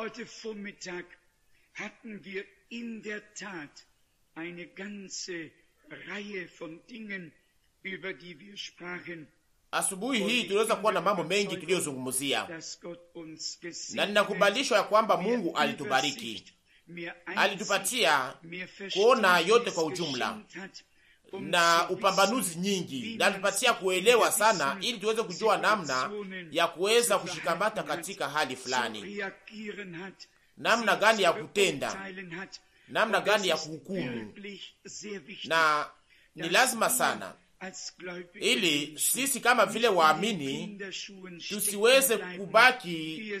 Heute Vormittag hatten wir in der Tat eine ganze Reihe von Dingen, über die wir sprachen. Asubuhi hii tuliweza kuwa na mambo mengi tuliyozungumzia, na ninakubalishwa ya kwamba Mungu alitubariki, alitupatia kuona yote kwa ujumla, na upambanuzi nyingi, na alipatia kuelewa sana, ili tuweze kujua namna ya kuweza kushikamata katika hali fulani, namna gani ya kutenda, namna gani ya kuhukumu, na ni lazima sana ili sisi kama vile waamini tusiweze kubaki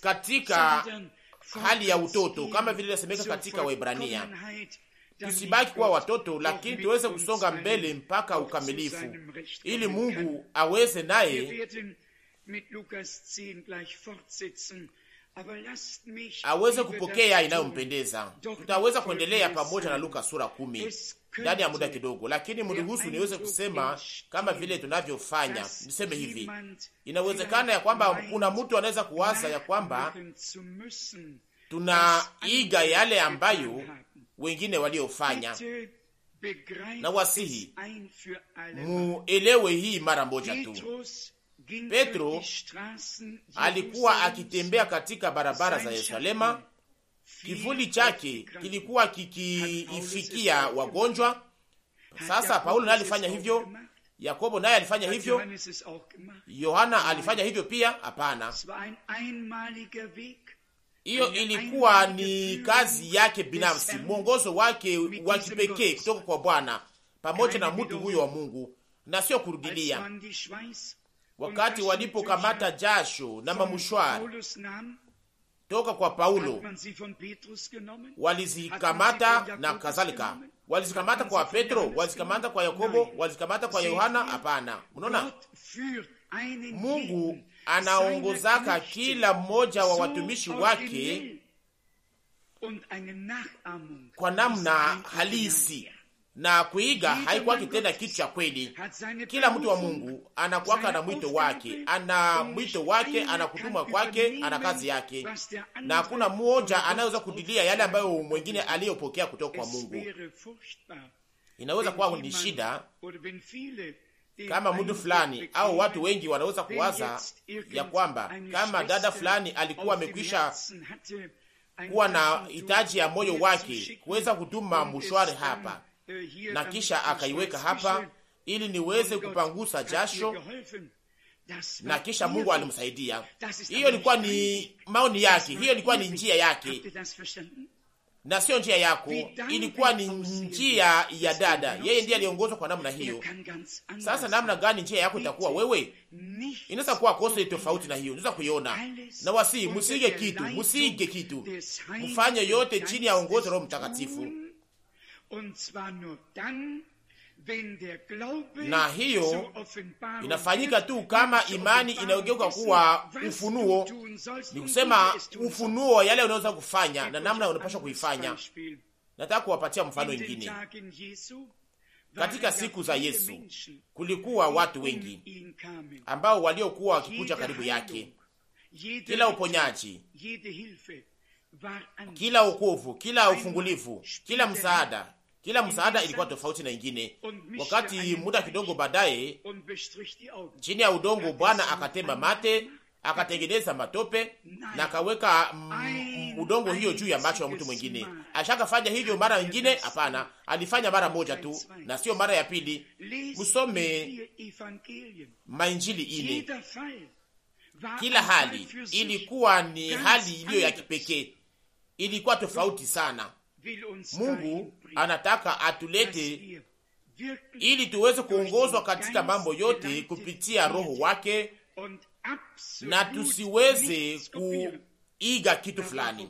katika hali ya utoto, kama vile inasemeka katika Waebrania tusibaki kuwa watoto, lakini tuweze kusonga mbele mpaka ukamilifu, ili Mungu aweze naye aweze kupokea inayompendeza. Tutaweza kuendelea pamoja na Luka sura kumi ndani ya muda kidogo, lakini mruhusu niweze kusema kama vile tunavyofanya. Niseme hivi, inawezekana ya kwamba kuna mtu anaweza kuwaza ya kwamba tunaiga yale ambayo wengine waliofanya, na wasihi muelewe hii mara moja tu. Petro alikuwa akitembea katika barabara za Yerusalema, kivuli chake kilikuwa kikiifikia wagonjwa. Sasa Paulo naye alifanya hivyo, Yakobo naye alifanya hivyo, Yohana alifanya hivyo pia? Hapana, hiyo ilikuwa ni kazi yake binafsi, mwongozo wake wa kipekee kutoka kwa Bwana pamoja na mtu huyo wa Mungu na sio kurudilia. Wakati walipokamata jasho na mamushwari toka kwa Paulo, walizikamata na kadhalika, walizikamata kwa Petro, walizikamata kwa Yakobo, walizikamata kwa Yohana? Hapana, unaona Mungu anaongozaka kila mmoja wa watumishi wake kwa namna halisi na kuiga haikuwaki tena kitu cha kweli. Kila mtu wa Mungu anakuwaka na mwito wake, ana mwito wake, anakutuma kwake, ana kazi yake, na hakuna mmoja anayeweza kudilia yale ambayo mwengine aliyopokea kutoka kwa Mungu. Inaweza kuwa ni shida kama mtu fulani au watu wengi wanaweza kuwaza ya kwamba kama dada fulani alikuwa amekwisha kuwa na hitaji ya moyo wake kuweza kutuma mshwari hapa uh, na kisha akaiweka hapa ili niweze kupangusa jasho na kisha Mungu alimsaidia. Hiyo ilikuwa ni maoni yake, hiyo ilikuwa ni njia yake na sio njia yako, ilikuwa ni njia ya dada. Yeye ndiye aliongozwa kwa namna hiyo. Sasa namna gani njia yako itakuwa wewe? Inaweza kuwa kosa tofauti na hiyo, unaweza kuiona. Na wasi msige kitu, msige kitu, mfanye yote chini ya uongozi wa Roho Mtakatifu na hiyo inafanyika tu kama imani inayogeuka kuwa ufunuo, ni kusema ufunuo yale unaweza kufanya na namna unapaswa kuifanya. Nataka kuwapatia mfano ingine. Katika siku za Yesu kulikuwa watu wengi ambao waliokuwa wakikuja karibu yake. Kila uponyaji, kila ukovu, kila ufungulivu, kila msaada kila msaada ilikuwa tofauti na ingine. Wakati muda kidogo baadaye, chini ya udongo, Bwana akatema mate, akatengeneza matope na akaweka mm, udongo hiyo juu ya macho ya mtu mwingine. Ashakafanya hivyo mara nyingine? Hapana, alifanya mara moja tu na sio mara ya pili. Msome mainjili ile, kila hali ilikuwa ni hali iliyo ya kipekee, ilikuwa tofauti sana. Mungu anataka atulete ili tuweze kuongozwa katika mambo yote kupitia Roho wake na tusiweze kuiga kitu fulani.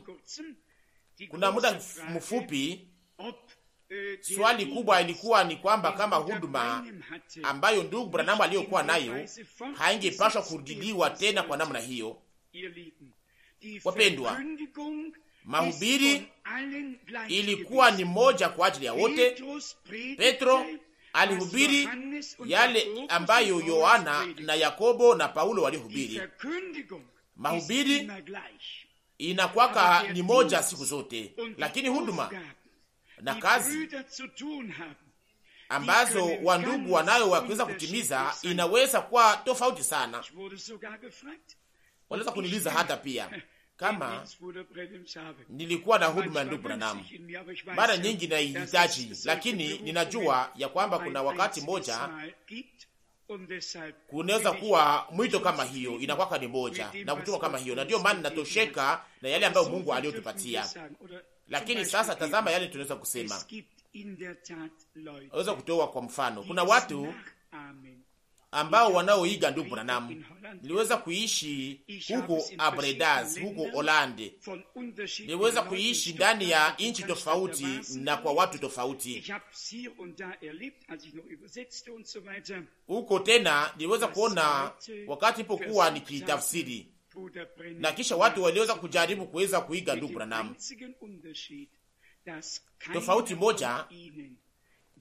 Kuna muda mfupi, uh, swali kubwa ilikuwa ni kwamba kama huduma ambayo ndugu Branamu aliyokuwa nayo haingepashwa kurudiliwa tena kwa namna hiyo. Wapendwa, mahubiri ilikuwa ni moja kwa ajili ya wote. Petro alihubiri yale ambayo Yohana na Yakobo na Paulo walihubiri. Mahubiri inakwaka ni moja siku zote, lakini huduma na kazi ambazo wandugu wanayo wakiweza kutimiza inaweza kuwa tofauti sana. Wanaweza kuniuliza hata pia kama nilikuwa na huduma ya ndugu Branham mara nyingi naihitaji, lakini ninajua ya kwamba kuna wakati moja kunaweza kuwa mwito kama hiyo inakwaka ni moja na kutuma kama hiyo, na ndiyo maana natosheka na yale ambayo Mungu aliyotupatia. Lakini sasa tazama yale tunaweza kusema, aweza kutoa kwa mfano, kuna watu ambao wanaoiga ndugu Branham. Niliweza kuishi huko Abredas huko Holande, niliweza kuishi ndani ya nchi tofauti na kwa watu tofauti huko. Tena niliweza kuona wakati ipokuwa nikitafsiri, na kisha watu waliweza kujaribu kuweza kuiga ndugu Branham. Tofauti moja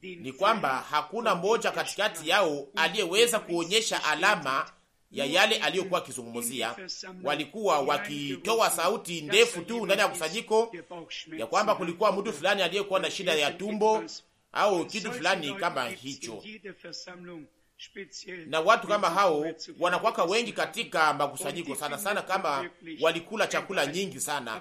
ni kwamba hakuna mmoja katikati yao aliyeweza kuonyesha alama ya yale aliyokuwa akizungumzia. Walikuwa wakitoa sauti ndefu tu ndani ya kusanyiko ya kwamba kulikuwa mtu fulani aliyekuwa na shida ya tumbo au kitu fulani kama hicho na watu kama hao wanakwaka wengi katika makusanyiko sana sana, kama walikula chakula nyingi sana,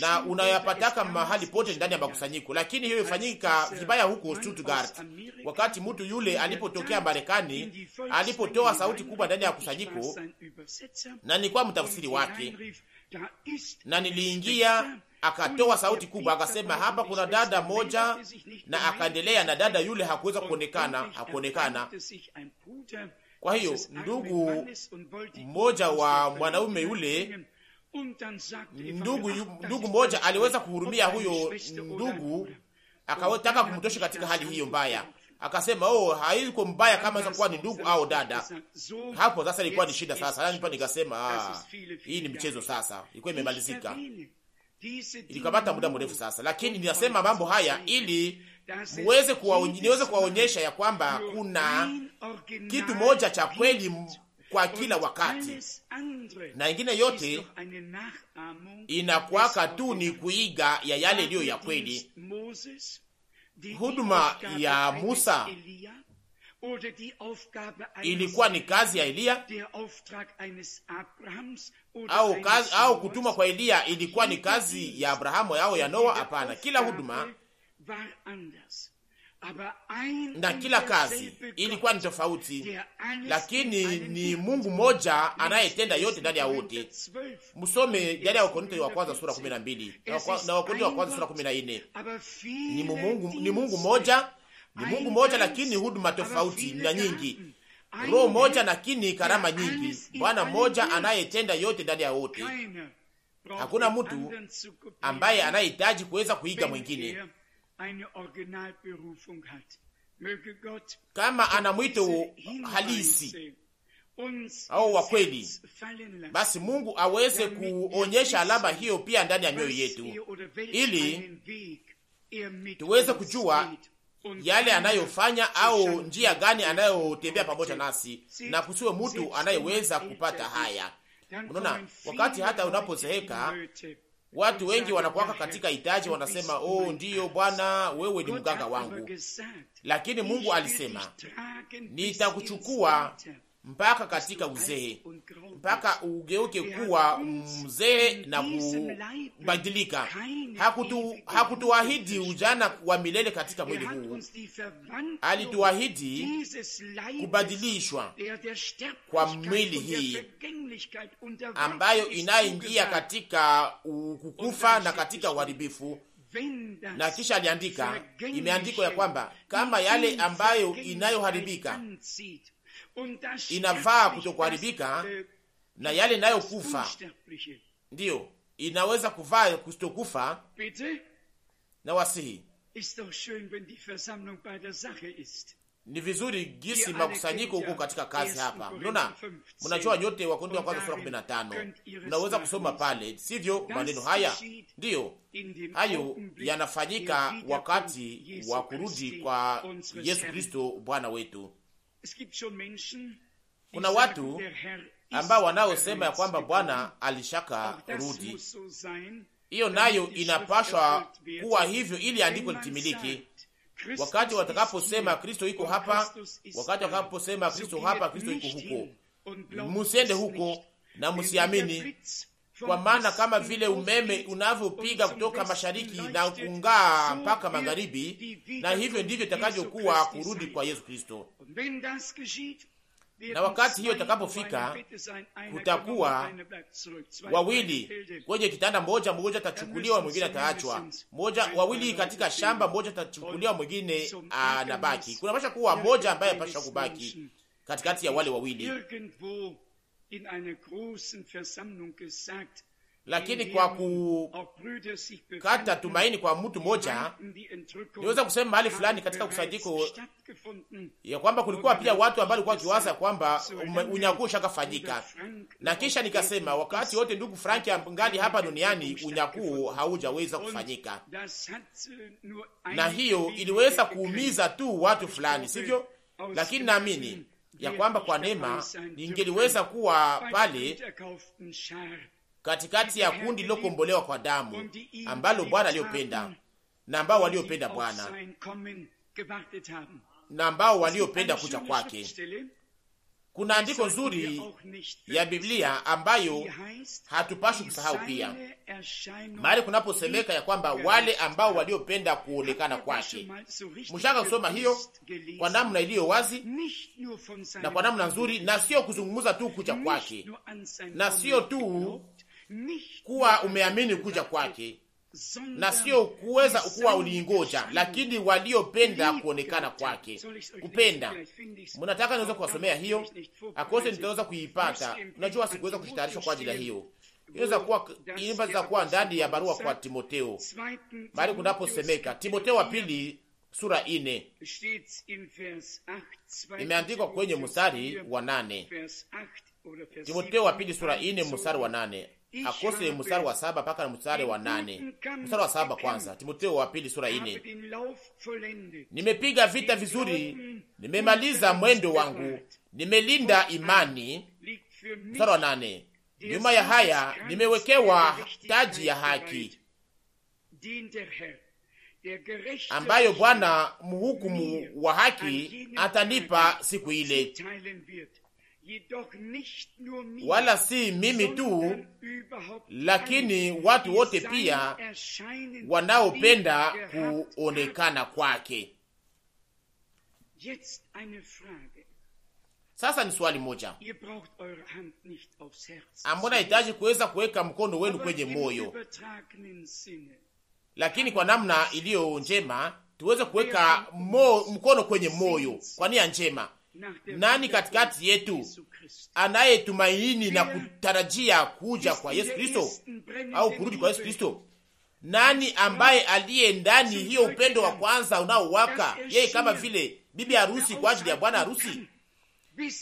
na unayapataka mahali pote ndani ya makusanyiko. Lakini hiyo ifanyika vibaya huko Stuttgart, wakati mtu yule alipotokea Marekani, alipotoa sauti kubwa ndani ya kusanyiko, na nilikuwa mtafsiri wake, na niliingia akatoa sauti kubwa akasema, hapa kuna dada moja, na akaendelea na dada yule hakuweza kuonekana, hakuonekana. Kwa hiyo ndugu mmoja wa mwanaume yule, ndugu ndugu mmoja aliweza kuhurumia huyo ndugu, akataka kumtosha katika hali hiyo mbaya, akasema oh, haiko mbaya kama za kuwa ni ndugu au dada. Hapo sasa ilikuwa ni shida. Sasa nikasema, ah, hii ni mchezo sasa, ilikuwa imemalizika ilikamata muda mrefu sasa, lakini ninasema mambo haya ili muweze niweze kuwaonyesha ya kwamba kuna kitu moja cha kweli kwa kila wakati, na ingine yote inakwaka tu ni kuiga ya yale iliyo ya kweli. Huduma ya Musa ilikuwa ni kazi ya Eliya au, kazi, au kutumwa kwa Eliya ilikuwa ni kazi ya Abrahamu au ya Noa? Hapana, kila huduma na kila kazi ilikuwa ni tofauti, lakini ni Mungu mmoja anayetenda yote ndani ya wote. Msome ndani ya Wakorintho wa kwanza sura 12 na Wakorintho wa kwanza sura 14. Ni Mungu, ni Mungu mmoja ni Mungu moja lakini huduma tofauti na nyingi, mm. roho moja lakini karama nyingi, Bwana moja anayetenda yote ndani ya wote. Uh, Hakuna mtu ambaye anayehitaji kuweza kuiga mwingine kama ana mwito halisi au wa kweli, basi Mungu aweze kuonyesha alama hiyo pia ndani ya mioyo yetu, ili tuweze kujua yale anayofanya au njia gani anayotembea pamoja nasi, na kusiwe mtu anayeweza kupata haya. Unaona, wakati hata unapozeeka watu wengi wanakuwaka katika hitaji, wanasema oh, ndiyo Bwana, wewe ni mganga wangu, lakini Mungu alisema nitakuchukua mpaka katika uzee, mpaka ugeuke kuwa mzee na kubadilika. Hakutu, hakutuahidi ujana wa milele katika mwili huu, alituahidi kubadilishwa kwa mwili hii ambayo inayoingia katika kukufa na katika uharibifu na kisha aliandika, imeandikwa ya kwamba kama yale ambayo inayoharibika inavaa kutokuharibika na yale inayokufa ndiyo inaweza kuvaa kutokufa. Na wasihi ni vizuri gisi makusanyiko huko katika kazi hapa. Mnaona, mnajua nyote Wakorintho wa kwanza sura 15 mnaweza kusoma pale, sivyo? Maneno haya ndiyo hayo yanafanyika wakati wa kurudi kwa Yesu Kristo Bwana wetu. Kuna watu ambao wanaosema ya kwamba Bwana alishaka rudi. Hiyo nayo inapashwa kuwa hivyo, ili andiko litimiliki. Wakati watakaposema Kristo iko hapa, wakati watakaposema Kristo hapa, Kristo iko huko, musiende huko na musiamini kwa maana kama vile umeme unavyopiga kutoka mashariki na kung'aa mpaka magharibi, na hivyo ndivyo itakavyokuwa kurudi kwa Yesu Kristo. Na wakati hiyo itakapofika, kutakuwa wawili kwenye kitanda moja, mmoja atachukuliwa, mwingine ataachwa. Moja wawili katika shamba, mmoja atachukuliwa, mwingine anabaki. Kuna pasha kuwa moja ambaye apasha kubaki katikati ya wale wawili lakini kwa kukata tumaini kwa mtu mmoja, niweza kusema mahali fulani katika kusajiko ya kwamba kulikuwa pia watu ambao walikuwa wakiwaza kwamba unyakuo ushakafanyika, na kisha nikasema wakati wote ndugu Franki angali hapa duniani unyakuo haujaweza kufanyika, äh, na hiyo iliweza kuumiza tu watu fulani, sivyo? Lakini naamini ya kwamba kwa neema ningeliweza kuwa pale katikati ya kundi lilokombolewa kwa damu ambalo Bwana aliyopenda na ambao waliopenda Bwana na ambao waliopenda kuja kwake. Kuna andiko nzuri ya Biblia ambayo hatupashi kusahau pia, mahali kunaposemeka ya kwamba wale ambao waliopenda kuonekana kwake. Mshaka kusoma hiyo kwa namna iliyo wazi na kwa namna nzuri, na sio kuzungumza tu kuja kwake, na sio tu kuwa umeamini kuja kwake, na sio kuweza kuwa uliingoja, lakini waliopenda kuonekana kwake kupenda. Mnataka niweza kuwasomea hiyo akose, nitaweza kuipata. Unajua, sikuweza kujitayarisha kwa ajili ya hiyo. Inaweza kuwa imba za kuwa ndani ya barua kwa Timoteo, mahali kunaposemeka Timoteo wa pili sura ine imeandikwa kwenye mstari wa nane. Timoteo wa pili sura ine mstari wa nane akose mstari wa saba mpaka mstari wa nane. Mstari wa saba kwanza, timoteo wa pili sura ine. Nimepiga vita vizuri, nimemaliza mwendo wangu, nimelinda imani. Mstari wa nane, nyuma ya haya nimewekewa taji ya haki ambayo Bwana mhukumu wa haki atanipa siku ile wala si mimi tu, lakini watu wote pia wanaopenda kuonekana kwake. Sasa ni swali moja ambao nahitaji kuweza kuweka mkono wenu kwenye moyo, lakini kwa namna iliyo njema tuweze kuweka mkono kwenye moyo kwa nia njema nani katikati yetu anayetumaini na kutarajia kuja kwa Yesu Kristo au kurudi kwa Yesu Kristo? Nani ambaye aliye ndani hiyo upendo wa kwanza unaowaka yeye kama vile bibi harusi kwa ajili ya bwana harusi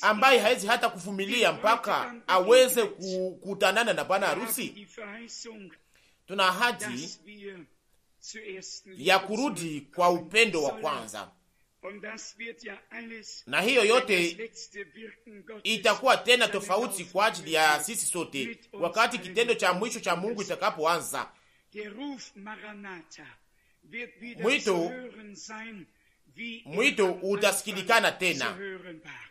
ambaye hawezi hata kuvumilia mpaka aweze kukutanana na bwana harusi? Tuna ahadi ya kurudi kwa upendo wa kwanza na hiyo yote itakuwa tena tofauti kwa ajili ya sisi sote, wakati kitendo cha mwisho cha Mungu itakapoanza. Mwito er mwito utasikilikana tena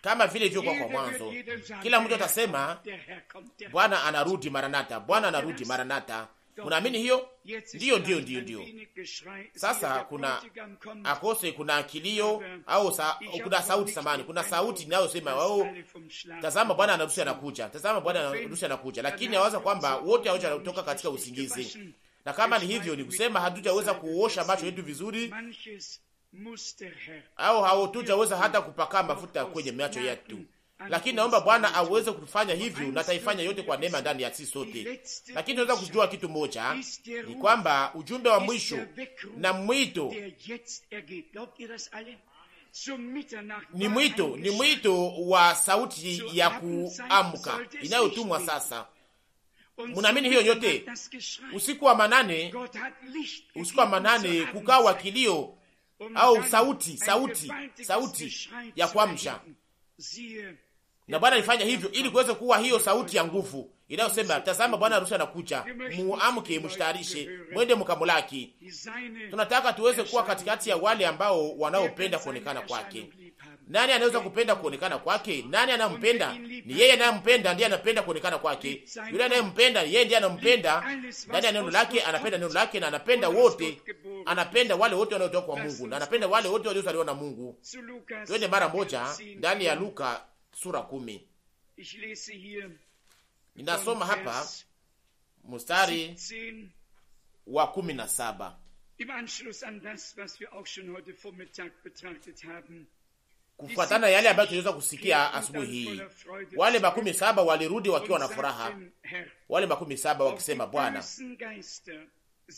kama vile ilivyokuwa kwa mwanzo. Kila mtu atasema Bwana anarudi maranata, Bwana anarudi maranata. Mnaamini hiyo? Ndiyo, ndiyo, ndiyo, ndiyo. Sasa kuna akose, kuna kilio au sa, kuna sauti samani, kuna sauti inayosema wao, tazama Bwana anarusi anakuja, tazama Bwana anarusi anakuja, lakini awaza kwamba wote hawajaweza kutoka katika usingizi, na kama ni hivyo, ni kusema hatujaweza er kuosha macho yetu vizuri au hatujaweza er hata kupaka mafuta kwenye macho yetu lakini naomba Bwana aweze kutufanya hivyo, na taifanya yote kwa neema ndani ya sisi sote. Lakini tunaweza kujua kitu moja, ni kwamba ujumbe wa mwisho na mwito ni mwito ni mwito wa sauti ya kuamka inayotumwa sasa. munaamini hiyo nyote? Usiku wa manane, usiku wa manane kukawa kilio au sauti sauti sauti ya kuamsha na Bwana alifanya hivyo ili kuweze kuwa hiyo sauti ya nguvu inayosema tazama, Bwana harusi anakuja, muamke, mshtarishe, mwende mkamulaki. Tunataka tuweze kuwa katikati ya wale ambao wanaopenda kuonekana kwake. Nani anaweza kupenda kuonekana kwake? Nani anampenda? Ni yeye anayempenda, ndiye anapenda kuonekana kwake. Yule anayempenda yeye ndiye anampenda ndani ya neno lake, anapenda neno lake na anapenda wote, anapenda wale wote wanaotoka kwa Mungu na anapenda wale wote waliozaliwa na Mungu. Twende mara moja ndani ya Luka sura kumi. Ninasoma hapa mustari wa kumi na saba kufuatana yale ambayo tuliweza kusikia asubuhi hii. Wale makumi saba walirudi wakiwa na furaha, wale makumi saba wakisema Bwana.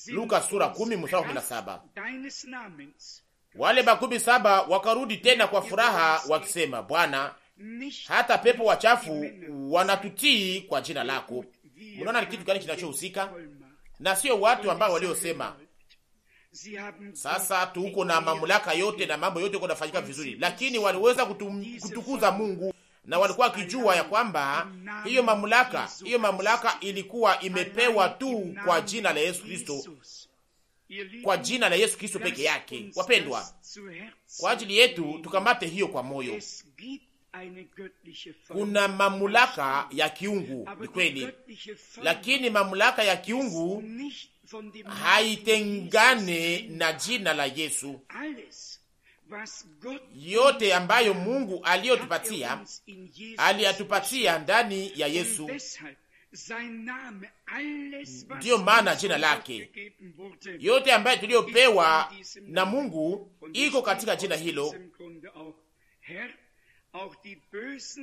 Luka sura kumi mstari kumi na saba. Wale makumi saba wakarudi tena kwa furaha wakisema Bwana, hata pepo wachafu wanatutii kwa jina lako. Unaona ni kitu gani kinachohusika na sio watu ambao waliosema sasa tuko na mamlaka yote na mambo yote kunafanyika vizuri, lakini waliweza kutum, kutukuza Mungu na walikuwa wakijua ya kwamba hiyo mamlaka hiyo mamlaka ilikuwa imepewa tu kwa jina la Yesu Kristo, kwa jina la Yesu Kristo peke yake. Wapendwa, kwa ajili yetu tukamate hiyo kwa moyo kuna mamlaka ya kiungu, ni kweli, lakini mamlaka ya kiungu haitengane na jina la Yesu. Yote ambayo Mungu aliyotupatia aliyatupatia ndani ya Yesu, ndiyo maana jina lake, yote ambayo tuliyopewa na Mungu iko katika jina hilo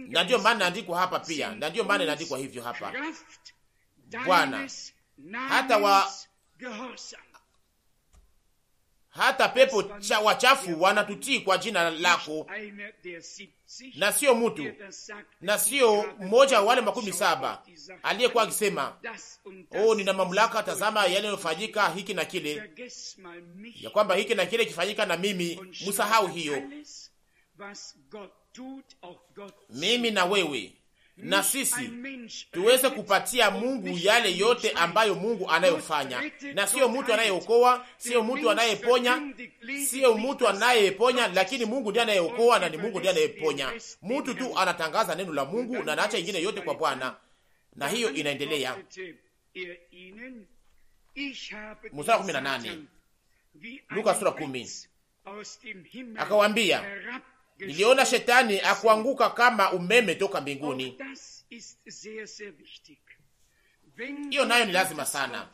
na ndiyo maana inaandikwa hapa pia, na ndiyo maana inaandikwa hivyo hapa, Bwana, hata wa hata pepo cha wachafu wanatutii kwa jina lako, na sio mtu na sio mmoja wa wale makumi saba aliyekuwa akisema oh, nina mamlaka, tazama yale yanayofanyika hiki na kile, ya kwamba hiki na kile kifanyika na mimi. Msahau hiyo mimi na wewe na sisi tuweze kupatia Mungu yale yote ambayo Mungu anayofanya, na siyo mtu anayeokoa, sio mtu anayeponya, siyo mtu anayeponya, lakini Mungu ndiye anayeokoa na ni Mungu ndiye anayeponya. Mtu tu anatangaza neno la Mungu na anaacha ingine yote kwa Bwana, na hiyo inaendelea. Mstari kumi na nane Luka sura kumi, Niliona shetani akuanguka kama umeme toka mbinguni. Hiyo nayo ni lazima sana,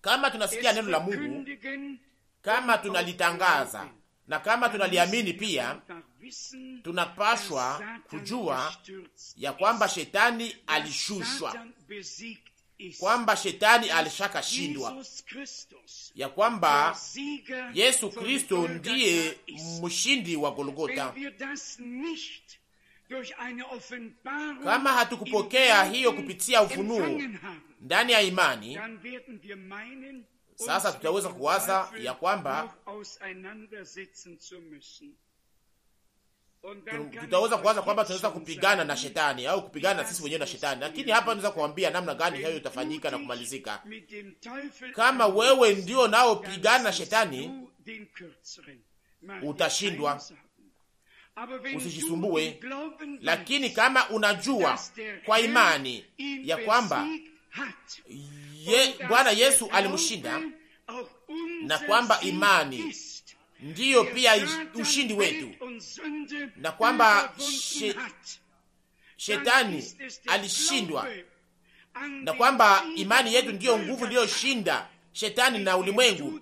kama tunasikia neno la Mungu, kama tunalitangaza na kama tunaliamini pia, tunapashwa kujua ya kwamba shetani alishushwa, kwamba shetani alishaka shindwa, ya kwamba Yesu Kristo ndiye mshindi wa Golgota. Kama hatukupokea hiyo kupitia ufunuo ndani ya imani, sasa tutaweza kuwaza ya kwamba tutaweza kuwaza kwamba tunaweza kupigana na shetani au kupigana na sisi wenyewe na shetani, lakini hapa naweza kuambia namna gani hayo itafanyika na kumalizika. Kama wewe ndio naopigana na shetani, utashindwa. Usijisumbue, lakini kama unajua kwa imani ya kwamba ye, Bwana Yesu alimshinda na kwamba imani ndiyo pia ushindi wetu, na kwamba she, shetani alishindwa, na kwamba imani yetu ndiyo nguvu iliyoshinda shetani na ulimwengu.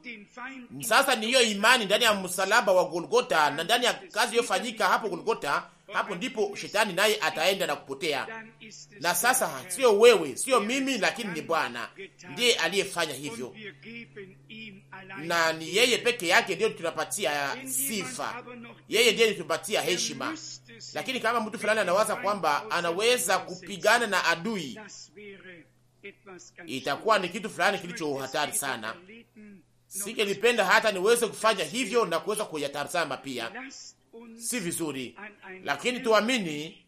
Sasa ni hiyo imani ndani ya msalaba wa Golgota na ndani ya kazi iliyofanyika hapo Golgota hapo ndipo shetani naye ataenda na kupotea. Na sasa sio wewe, sio mimi, lakini ni Bwana ndiye aliyefanya hivyo, na ni yeye peke yake ndiyo tunapatia sifa, yeye ndiye tunapatia heshima. Lakini kama mtu fulani anawaza kwamba anaweza kupigana na adui, itakuwa ni kitu fulani kilicho hatari sana. Singelipenda hata niweze kufanya hivyo na kuweza kuyatazama pia si vizuri, lakini tuamini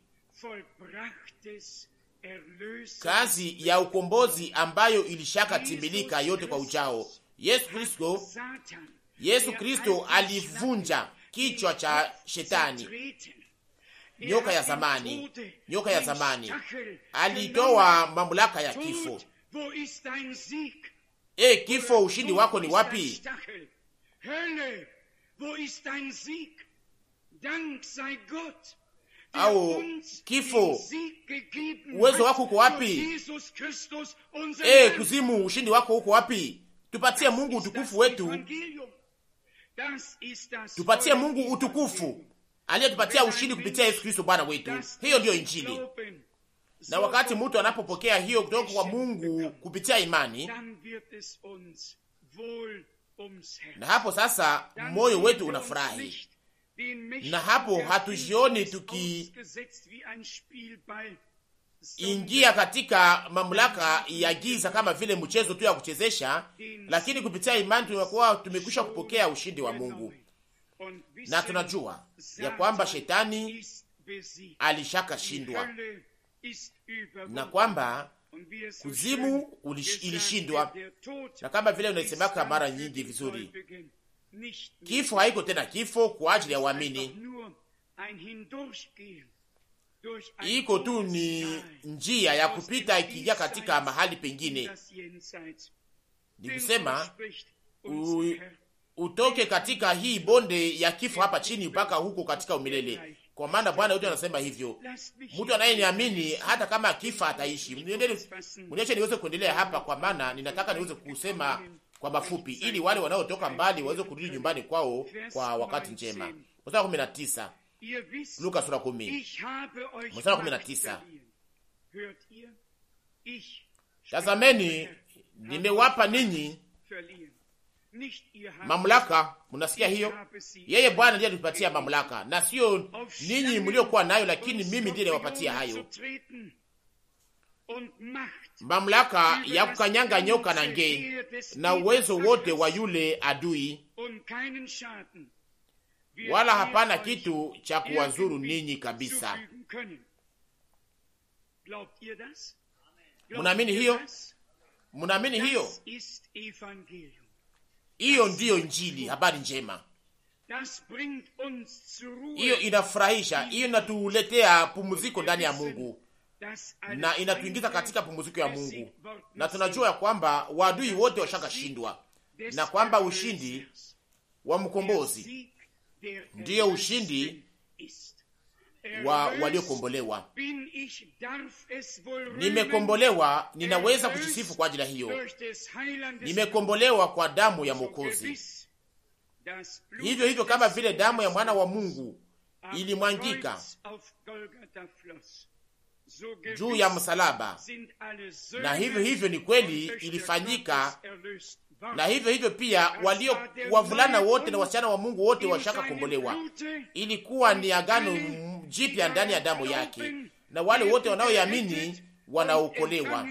kazi ya ukombozi ambayo ilishakatimilika yote kwa uchao. Yesu Kristo, Yesu Kristo alivunja kichwa cha shetani, nyoka ya zamani, nyoka ya zamani, alitoa mamlaka ya kifo. E kifo, ushindi wako ni wapi? au kifo, uwezo wako uko wapi? E, kuzimu, ushindi wako uko wapi? Tupatie Mungu utukufu wetu, tupatie Mungu utukufu aliyetupatia ushindi kupitia Yesu Kristo Bwana wetu. Hiyo ndiyo Injili. Na wakati mtu anapopokea hiyo kutoka kwa Mungu kupitia imani, na hapo sasa moyo wetu unafurahi na hapo hatujioni tukiingia katika mamlaka ya giza kama vile mchezo tu ya kuchezesha, lakini kupitia imani tumekuwa tumekwisha kupokea ushindi wa Mungu, na tunajua ya kwamba shetani alishakashindwa na kwamba kuzimu ilishindwa, na kama vile unaisemaka mara nyingi vizuri Kifo haiko tena kifo kwa ajili ya waamini, iko tu ni njia ya kupita ikija katika mahali pengine. Ni kusema utoke katika hii bonde ya kifo hapa chini mpaka huko katika umilele, kwa maana Bwana wetu anasema hivyo, mtu anayeniamini hata kama akifa ataishi. Mniache niweze kuendelea hapa, kwa maana ninataka niweze kusema kwa mafupi, ili wale wanaotoka mbali waweze kurudi nyumbani kwao kwa wakati njema. Mstari 19, Luka sura 10 mstari wa 19. Tazameni, nimewapa ninyi mamlaka. Mnasikia hiyo? Yeye Bwana ndiye alitupatia mamlaka, na sio ninyi mliokuwa nayo, lakini mimi ndiye niliwapatia hayo mamlaka ya kukanyanga nyoka na nge na uwezo wote wa yule adui, wala hapana kitu cha kuwazuru ninyi kabisa. Munaamini hiyo? Munaamini hiyo? Hiyo ndiyo Injili, habari njema. Hiyo inafurahisha, hiyo inatuletea pumziko ndani ya Mungu na inatuingiza katika pumuziko ya Mungu, na tunajua ya kwamba waadui wote washakashindwa na kwamba ushindi wa mkombozi ndiyo ushindi wa waliokombolewa. Nimekombolewa, ninaweza kujisifu kwa ajili hiyo. Nimekombolewa kwa damu ya Mwokozi, hivyo hivyo kama vile damu ya mwana wa Mungu ilimwangika juu ya msalaba, na hivyo hivyo ni kweli ilifanyika, na hivyo hivyo pia walio wavulana wote na wasichana wa Mungu wote washaka kombolewa. Ilikuwa ni agano jipya ndani ya damu yake, na wale wote wanaoyamini wanaokolewa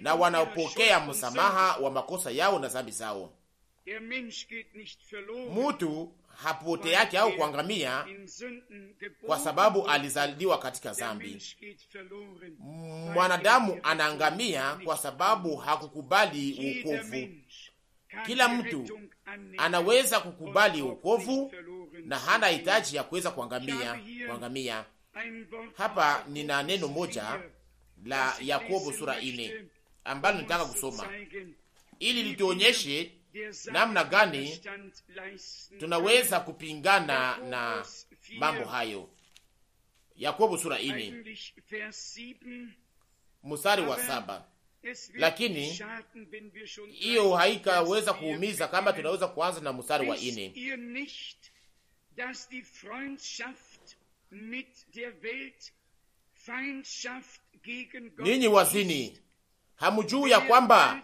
na wanaopokea msamaha wa makosa yao na zambi zao. Mutu hapote yake au kuangamia, kwa sababu alizaliwa katika zambi. Mwanadamu anaangamia kwa sababu hakukubali uokovu. Kila mtu anaweza kukubali uokovu na hana hitaji ya kuweza kuangamia, kuangamia. Hapa nina neno moja la Yakobo sura ine ambalo um nitaka kusoma ili lituonyeshe namna gani tunaweza kupingana na mambo hayo. Yakobo sura ini mstari wa saba. Lakini hiyo haikaweza kuumiza kama tunaweza kuanza na mstari wa ini ninyi wazini hamjuu ya kwamba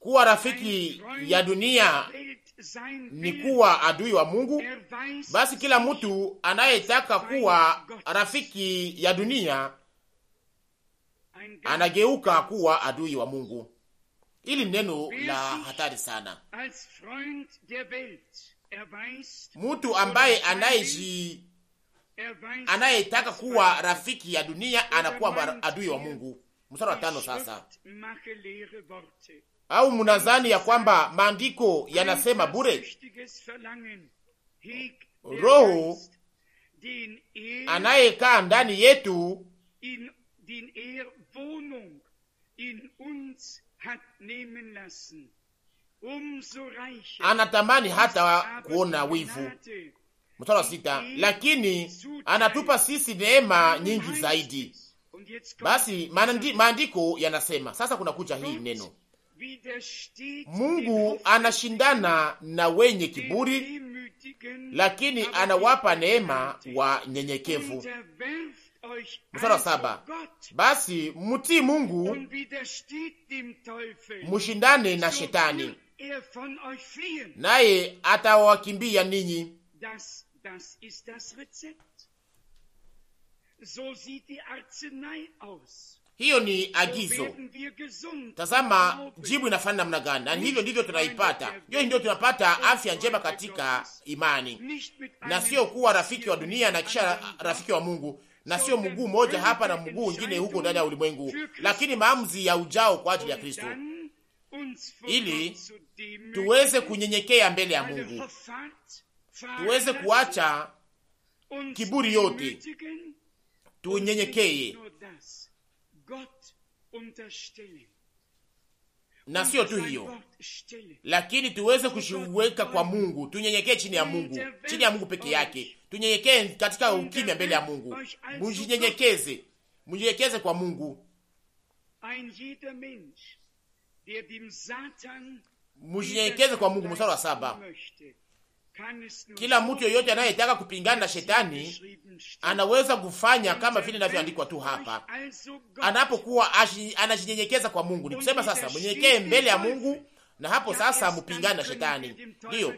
kuwa rafiki ya dunia ni kuwa adui wa Mungu. Basi kila mtu anayetaka kuwa rafiki ya dunia anageuka kuwa adui wa Mungu. Ili neno la hatari sana. Mtu ambaye anayeji anayetaka kuwa rafiki ya dunia anakuwa adui wa Mungu. Mstari wa tano sasa au munazani ya kwamba maandiko yanasema bure? Roho er anayekaa ndani yetu er anatamani hata kuona wivu. Mstari wa sita, lakini anatupa sisi neema nyingi zaidi. Basi maandiko yanasema sasa, kuna kuja hii neno Mungu anashindana na wenye kiburi, lakini anawapa neema nyenyekevu. Mstari wa saba, basi mtii Mungu, mushindane na shetani, er naye atawakimbia ninyi. So hiyo ni agizo. Tazama jibu inafanya namna gani, na hivyo ndivyo tunaipata. Hiyo ndio tunapata afya njema katika imani, na sio kuwa rafiki wa dunia na kisha rafiki wa Mungu, na sio mguu mmoja hapa na mguu mwingine huko ndani ya ulimwengu, lakini maamuzi ya ujao kwa ajili ya Kristo, ili tuweze kunyenyekea mbele ya Mungu, tuweze kuacha kiburi yote, tunyenyekee na sio tu hiyo, lakini tuweze kushiweka kwa Mungu, tunyenyekee chini ya Mungu, chini ya Mungu peke yake, tunyenyekee katika ukimya mbele ya Mungu. Mujinyenyekeze, mujinyenyekeze kwa Mungu, mujinyenyekeze kwa Mungu. Mstari wa saba kila mtu yoyote anayetaka kupingana na shetani anaweza kufanya kama vile inavyoandikwa tu hapa, anapokuwa anajinyenyekeza kwa Mungu. Ni kusema sasa mnyenyekee mbele ya Mungu, na hapo sasa mpingane na shetani. Ndiyo,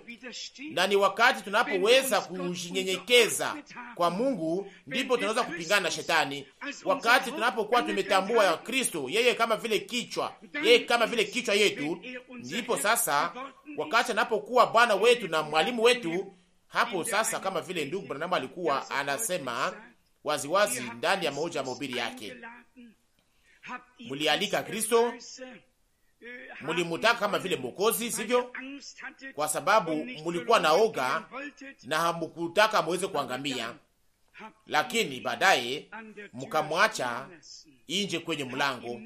na ni wakati tunapoweza kujinyenyekeza kwa Mungu ndipo tunaweza kupingana na shetani, wakati tunapokuwa tumetambua ya Kristo yeye kama vile kichwa, yeye kama vile kichwa yetu, ndipo sasa wakati anapokuwa Bwana wetu na mwalimu wetu. Hapo sasa, kama vile ndugu Branham alikuwa anasema waziwazi ndani ya mahoja ya mahubiri yake, mulialika Kristo, mulimutaka kama vile Mwokozi, sivyo? Kwa sababu mulikuwa naoga na hamukutaka muweze kuangamia, lakini baadaye mukamwacha inje kwenye mlango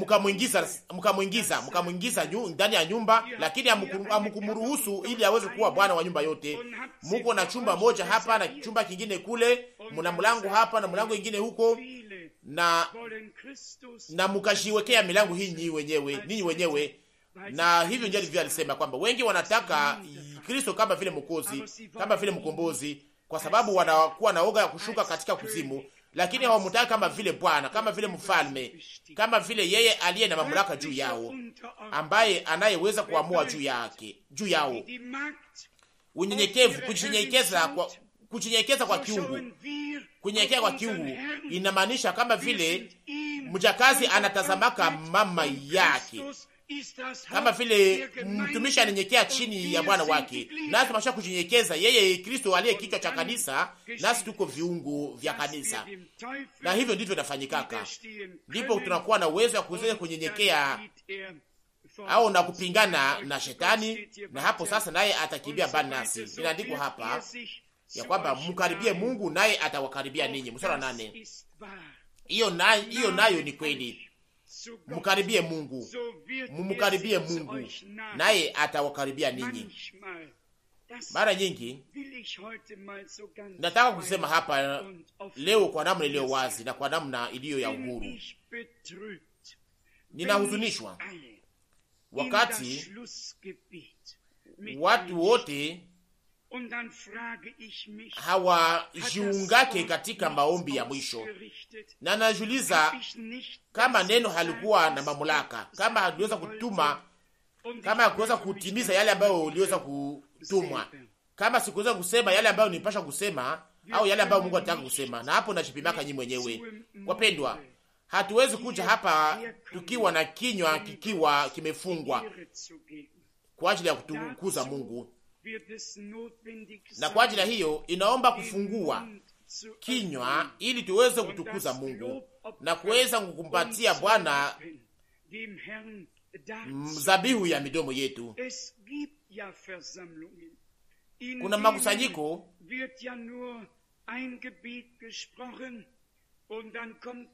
mkamwingiza mkamwingiza mkamwingiza ndani ya nyumba, lakini hamkumruhusu ili aweze kuwa bwana wa nyumba yote. Muko na chumba moja hapa na chumba kingine kule, mna mlango hapa na mlango ingine huko, na na mkashiwekea milango hii nyinyi wenyewe ninyi wenyewe. Na hivyo ndio alivyo alisema kwamba wengi wanataka Kristo kama vile mwokozi, kama vile mkombozi, kwa sababu wanakuwa na oga ya kushuka katika kuzimu lakini hawamutaka kama vile Bwana, kama vile mfalme, kama vile yeye aliye na mamlaka juu yao, ambaye anayeweza kuamua juu yake juu yao. Unyenyekevu, kujinyenyekeza kwa kujinyenyekeza kwa kiungu, kunyenyekea kwa kiungu inamaanisha kama vile mjakazi anatazamaka mama yake kama vile mtumishi anyenyekea chini ya bwana wake, nasi tunapaswa kunyenyekeza. Yeye Kristo aliye kichwa cha kanisa, nasi tuko viungo vya kanisa, na hivyo ndivyo inafanyikaka, ndipo tunakuwa na uwezo wa kuweza kunyenyekea au na kupingana na shetani, na hapo sasa naye atakimbia mbali nasi. Inaandikwa hapa ya kwamba mkaribie Mungu naye atawakaribia ninyi. Mstari wa nane. Hiyo nayo ni kweli Mkaribie Mungu, mumkaribie Mungu naye atawakaribia ninyi. Mara nyingi nataka kusema hapa leo kwa namna iliyo wazi na kwa namna iliyo ya uhuru. Ninahuzunishwa wakati watu wote hawajiungake katika maombi ya mwisho, na najiuliza kama neno halikuwa na mamlaka, kama aliweza kutuma, um kama akuweza kutimiza yale ambayo uliweza kutumwa, kama sikuweza kusema yale ambayo nipasha kusema au yale ambayo Mungu anataka kusema. Na hapo najipimaka nyinyi mwenyewe, wapendwa. Hatuwezi kuja hapa tukiwa na kinywa kikiwa kimefungwa kwa ajili ya kutukuza Mungu na kwa ajili ya hiyo inaomba kufungua kinywa ili tuweze kutukuza Mungu na kuweza kukumpatia Bwana mzabihu ya midomo yetu. Kuna makusanyiko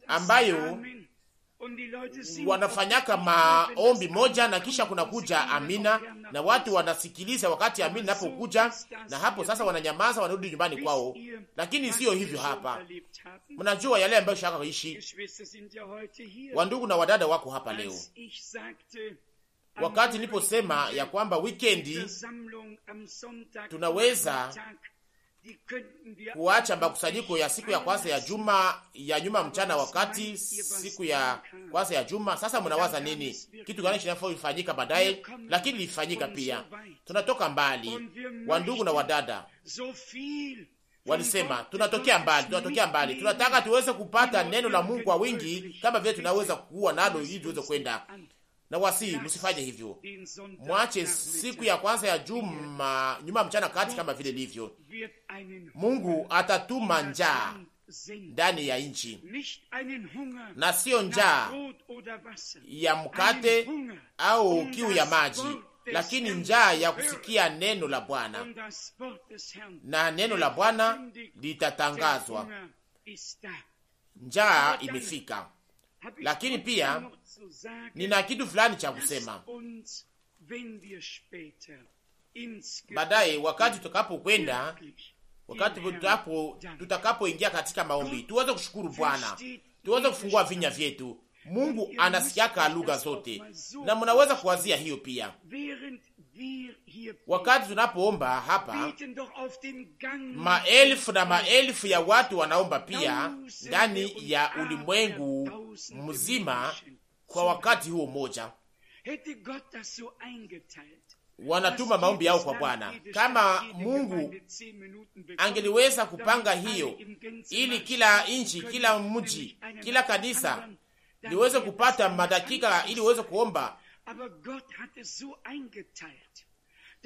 ambayo wanafanyaka maombi moja na kisha kunakuja amina, na watu wanasikiliza wakati amina inapokuja, na hapo sasa wananyamaza, wanarudi nyumbani kwao. Lakini siyo hivyo hapa. Mnajua yale ambayo shaka ishi Wandugu na wadada wako hapa leo. Wakati niliposema ya kwamba wikendi tunaweza kuacha makusanyiko ya siku ya kwanza ya juma ya nyuma mchana, wakati siku ya kwanza ya juma. Sasa mnawaza nini? Kitu gani kinafanyika baadaye? Lakini lifanyika pia. Tunatoka mbali, wandugu na wadada walisema tunatokea mbali, tunatokea mbali, tunataka tuweze kupata neno la Mungu kwa wingi, kama vile tunaweza kuwa nalo, ili tuweze kwenda na wasii, msifanye hivyo. Mwache siku ya kwanza ya juma nyuma mchana kati kama vile livyo. Mungu atatuma njaa ndani ya nchi, na siyo njaa ya mkate au kiu ya maji, lakini njaa ya kusikia neno la Bwana, na neno la Bwana litatangazwa. Njaa imefika lakini pia nina kitu fulani cha kusema baadaye, wakati tutakapokwenda, wakati tutakapoingia katika maombi, tuweze kushukuru Bwana, tuweze kufungua vinya vyetu. Mungu anasikiaka lugha zote, na mnaweza kuwazia hiyo pia Wakati tunapoomba hapa, maelfu na maelfu ya watu wanaomba pia ndani ya ulimwengu mzima kwa wakati huo mmoja, wanatuma maombi yao kwa Bwana. Kama Mungu angeliweza kupanga hiyo, ili kila nchi, kila mji, kila kanisa liweze kupata madakika ili uweze kuomba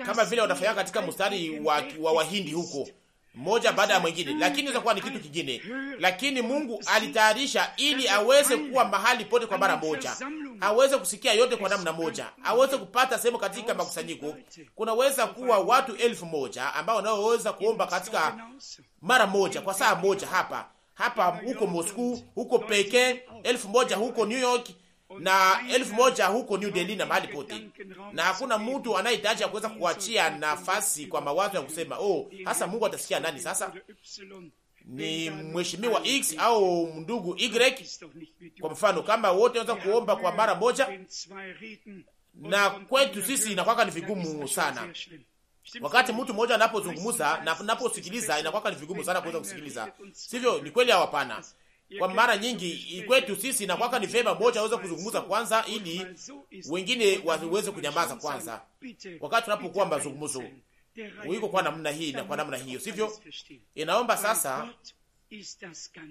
kama vile wanafanya katika mstari wa, wa Wahindi huko moja baada ya mwingine, lakini inaweza kuwa ni kitu kingine. Lakini Mungu alitayarisha ili aweze kuwa mahali pote kwa mara moja, aweze kusikia yote kwa namna moja, aweze kupata sehemu katika makusanyiko. Kunaweza kuwa watu elfu moja ambao wanaoweza kuomba katika mara moja kwa saa moja, hapa hapa huko Moscow, huko Peking elfu moja huko New York na elfu moja huko New Delhi na mahali pote, na hakuna mtu anayehitaji ya kuweza kuachia nafasi kwa mawazo ya kusema oh, hasa Mungu atasikia nani sasa ni mheshimiwa X au ndugu Y. Kwa mfano, kama wote wanaweza kuomba kwa mara moja, na kwetu sisi inakwaka ni vigumu sana. Wakati mtu mmoja anapozungumza na anaposikiliza, inakwaka ni vigumu sana kuweza kusikiliza, sivyo? Ni kweli au hapana? Kwa mara nyingi kwetu sisi na kwaka ni vema moja aweze kuzungumza kwanza, ili wengine waweze kunyamaza kwanza, wakati tunapokuwa mazungumzo wiko kwa namna hii na kwa namna hiyo, sivyo? Inaomba sasa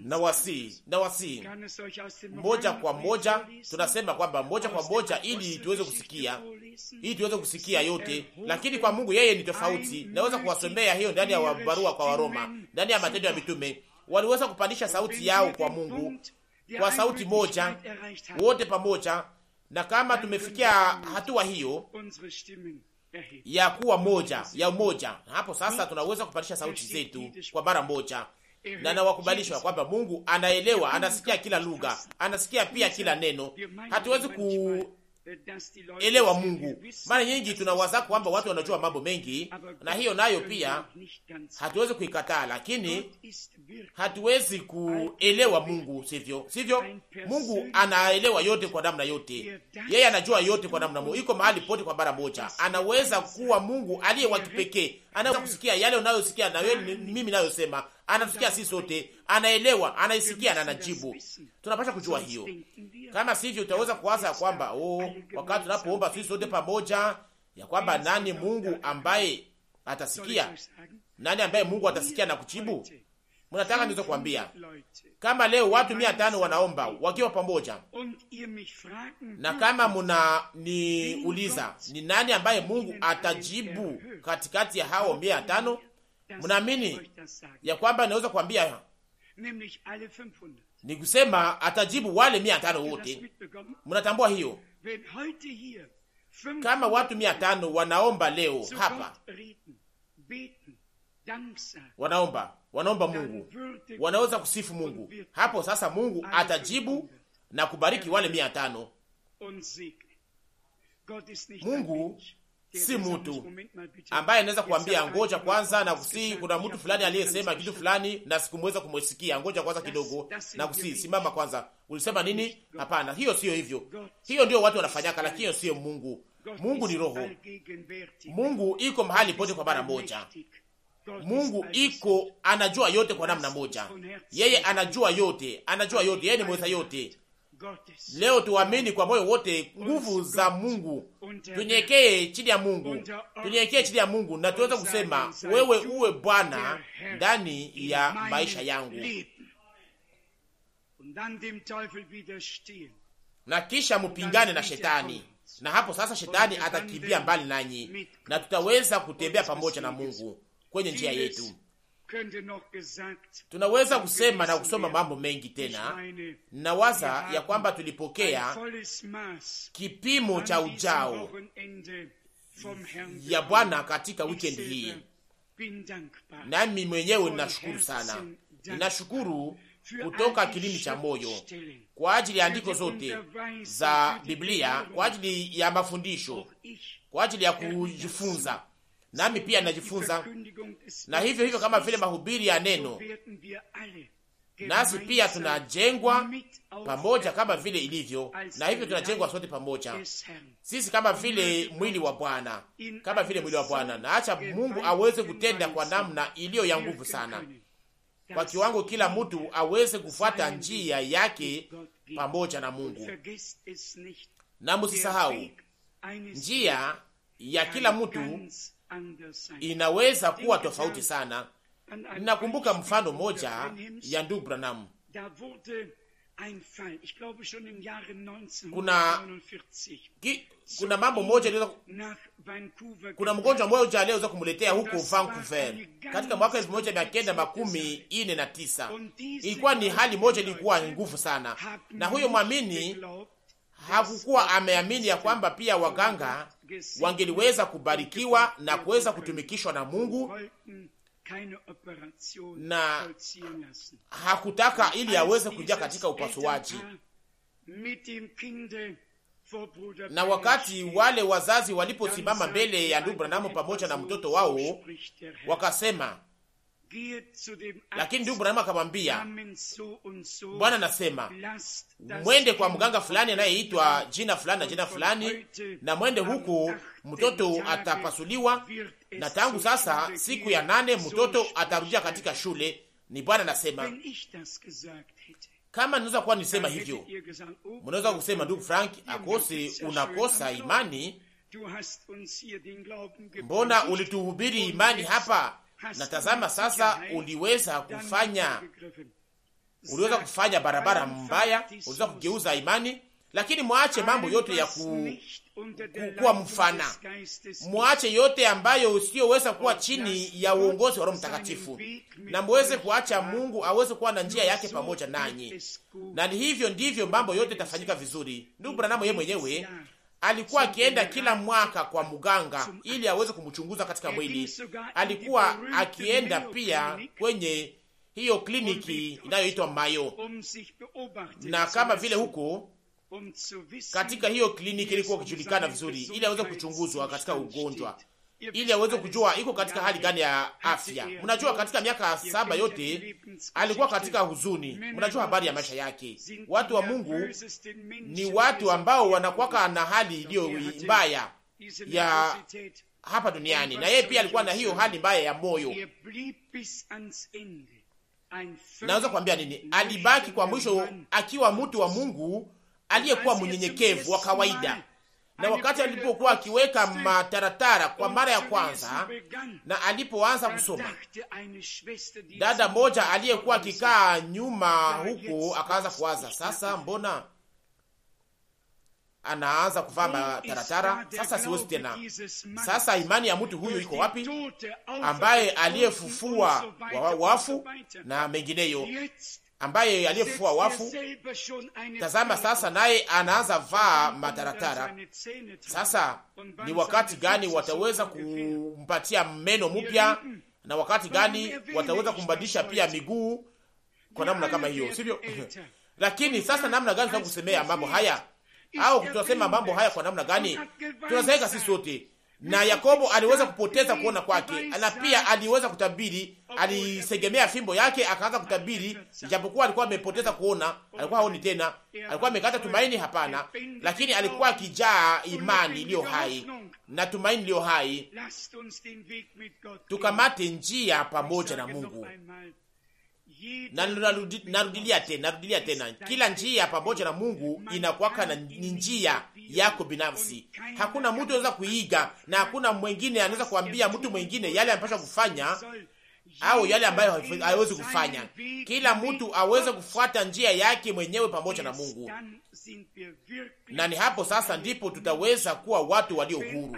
na wasi na wasi moja kwa moja, tunasema kwamba moja kwa moja, ili tuweze kusikia, ili tuweze kusikia yote. Lakini kwa Mungu yeye ni tofauti. Naweza kuwasomea hiyo ndani ya barua kwa Waroma, ndani ya Matendo ya Mitume waliweza kupandisha sauti yao kwa Mungu kwa sauti moja, wote pamoja. Na kama tumefikia hatua hiyo ya kuwa moja ya umoja, hapo sasa tunaweza kupandisha sauti zetu kwa mara moja, na nawakubalishwa kwamba Mungu anaelewa, anasikia kila lugha, anasikia pia kila neno. Hatuwezi ku elewa Mungu. Mara nyingi tunawaza kwamba watu wanajua mambo mengi, na hiyo nayo pia hatuwezi kuikataa, lakini hatuwezi kuelewa Mungu, sivyo? Sivyo, Mungu anaelewa yote kwa namna yote, yeye anajua yote kwa namna moja, iko mahali pote kwa bara moja. Anaweza kuwa Mungu aliye wa kipekee anaweza kusikia yale unayosikia na wewe ah, mimi nayosema, anatusikia sisi sote, anaelewa, anaisikia na anajibu. Tunapasha kujua hiyo, kama sivyo utaweza kuwaza ya kwamba oh, wakati tunapoomba sisi sote pamoja, ya kwamba nani Mungu ambaye atasikia, nani ambaye Mungu atasikia na kujibu Mnataka nizo kuambia kama leo watu mia tano wanaomba wakiwa pamoja, na kama munaniuliza ni nani ambaye Mungu atajibu katikati ya hao mia tano, mnaamini ya kwamba naweza kuambia ni kusema atajibu wale mia tano wote. Mnatambua hiyo? Kama watu mia tano wanaomba leo hapa Uh, wanaomba wanaomba Mungu, wanaweza kusifu Mungu. Hapo sasa Mungu atajibu na kubariki wale mia tano. Mungu si mtu ambaye anaweza kuambia ngoja kwanza na kusii. kuna mtu fulani aliyesema kitu fulani na sikumweza kumwesikia, ngoja kwanza kidogo na kusii, simama kwanza, ulisema nini? Hapana, hiyo sio hivyo. Hiyo ndio watu wanafanyaka, lakini hiyo sio Mungu. Mungu ni roho. Mungu iko mahali pote kwa mara moja. Mungu iko anajua yote kwa namna moja, yeye anajua yote, anajua yote, yeye ni mweza yote. Leo tuamini kwa moyo wote nguvu za Mungu, tunyekee chini ya Mungu, tunyekee chini ya Mungu na tuweze kusema wewe uwe Bwana ndani ya maisha yangu, na kisha mupingane na Shetani na hapo sasa shetani atakimbia mbali nanyi na tutaweza kutembea pamoja na Mungu kwenye njia yetu. Tunaweza kusema na kusoma mambo mengi tena. Nawaza ya kwamba tulipokea kipimo cha ujao ya Bwana katika wikendi hii, nami mwenyewe ninashukuru sana. Ninashukuru kutoka kilini cha moyo kwa ajili ya andiko zote za Biblia, kwa ajili ya mafundisho, kwa ajili ya kujifunza nami pia najifunza, na hivyo hivyo kama vile mahubiri ya neno, nasi pia tunajengwa pamoja kama vile ilivyo, na hivyo tunajengwa sote pamoja, sisi kama vile mwili wa Bwana, kama vile mwili wa Bwana. Na acha Mungu aweze kutenda kwa namna iliyo ya nguvu sana, kwa kiwango kila mtu aweze kufuata njia yake pamoja na Mungu, na musisahau njia ya kila mtu inaweza kuwa tofauti sana. Nakumbuka mfano moja ya ndugu Branham. Kuna, ki, kuna mambo moja kuna mgonjwa mmoja aliyeweza kumletea huko Vancouver katika mwaka elfu moja mia kenda makumi ine na tisa. Ilikuwa ni hali moja ilikuwa nguvu sana, na huyo mwamini hakukuwa ameamini ya kwamba pia waganga wangeliweza kubarikiwa na kuweza kutumikishwa na Mungu, na hakutaka ili aweze kuja katika upasuaji. Na wakati wale wazazi waliposimama mbele ya ndugu Branamu pamoja na mtoto wao wakasema lakini ndugu Branham akamwambia, Bwana anasema mwende kwa mganga fulani anayeitwa jina fulani na jina fulani, na mwende huku, mtoto atapasuliwa, na tangu sasa siku ya nane mtoto atarudia katika shule. Ni Bwana anasema. Kama naweza kuwa nisema hivyo, mnaweza kusema ndugu Frank akosi unakosa imani. Mbona ulituhubiri imani hapa na tazama sasa, uliweza kufanya uliweza kufanya barabara mbaya, uliweza kugeuza imani, lakini mwache mambo yote ya ku, ku, kuwa mfana, mwache yote ambayo usiyoweza kuwa chini ya uongozi wa Roho Mtakatifu, na mweze kuacha Mungu aweze kuwa na njia yake pamoja nanyi, na hivyo ndivyo mambo yote itafanyika vizuri. Ndugu Branamu yeye mwenyewe alikuwa akienda kila mwaka kwa mganga ili aweze kumchunguza katika mwili. Alikuwa akienda pia kwenye hiyo kliniki inayoitwa Mayo, um na kama vile huko um katika hiyo kliniki ilikuwa ikijulikana vizuri, ili aweze kuchunguzwa katika ugonjwa ili aweze kujua iko katika hali gani ya afya. Mnajua, katika miaka saba yote alikuwa katika huzuni. Mnajua habari ya maisha yake. Watu wa Mungu ni watu ambao wanakuwaka na hali iliyo mbaya ya hapa duniani, na yeye pia alikuwa na hiyo hali mbaya ya moyo. Naweza kuambia nini? Alibaki kwa mwisho akiwa mtu wa Mungu aliyekuwa mnyenyekevu wa kawaida na wakati alipokuwa akiweka mataratara kwa mara ya kwanza na alipoanza kusoma, dada moja aliyekuwa akikaa nyuma huku akaanza kuwaza, sasa mbona anaanza kuvaa mataratara sasa, siwezi tena. Sasa imani ya mtu huyu iko wapi, ambaye aliyefufua wafu na mengineyo? ambaye aliyefua wafu. Tazama sasa, naye anaanza vaa mataratara. Sasa ni wakati gani wataweza kumpatia meno mpya na wakati gani wataweza kumbadilisha pia miguu kwa namna kama hiyo, sivyo? Lakini sasa namna gani tunaweza mambo haya au tunasema mambo haya kwa namna gani? Tunazeeka sisi sote, na Yakobo aliweza kupoteza kuona kwake na pia aliweza kutabiri alisegemea fimbo yake akaanza kutabiri, japokuwa alikuwa amepoteza kuona, alikuwa haoni tena, alikuwa amekata tumaini, hapana, lakini alikuwa akijaa imani iliyo hai na tumaini iliyo hai. Tukamate njia pamoja na Mungu. narudilia tena, narudilia tena, kila njia pamoja na Mungu inakuwaka na ni njia yako binafsi. Hakuna mtu anaweza kuiga na hakuna mwengine anaweza kuambia mtu mwengine yale anapaswa kufanya au yale ambayo haiwezi kufanya. Kila mtu aweze kufuata njia yake mwenyewe pamoja na Mungu, na ni hapo sasa ndipo tutaweza kuwa watu walio huru.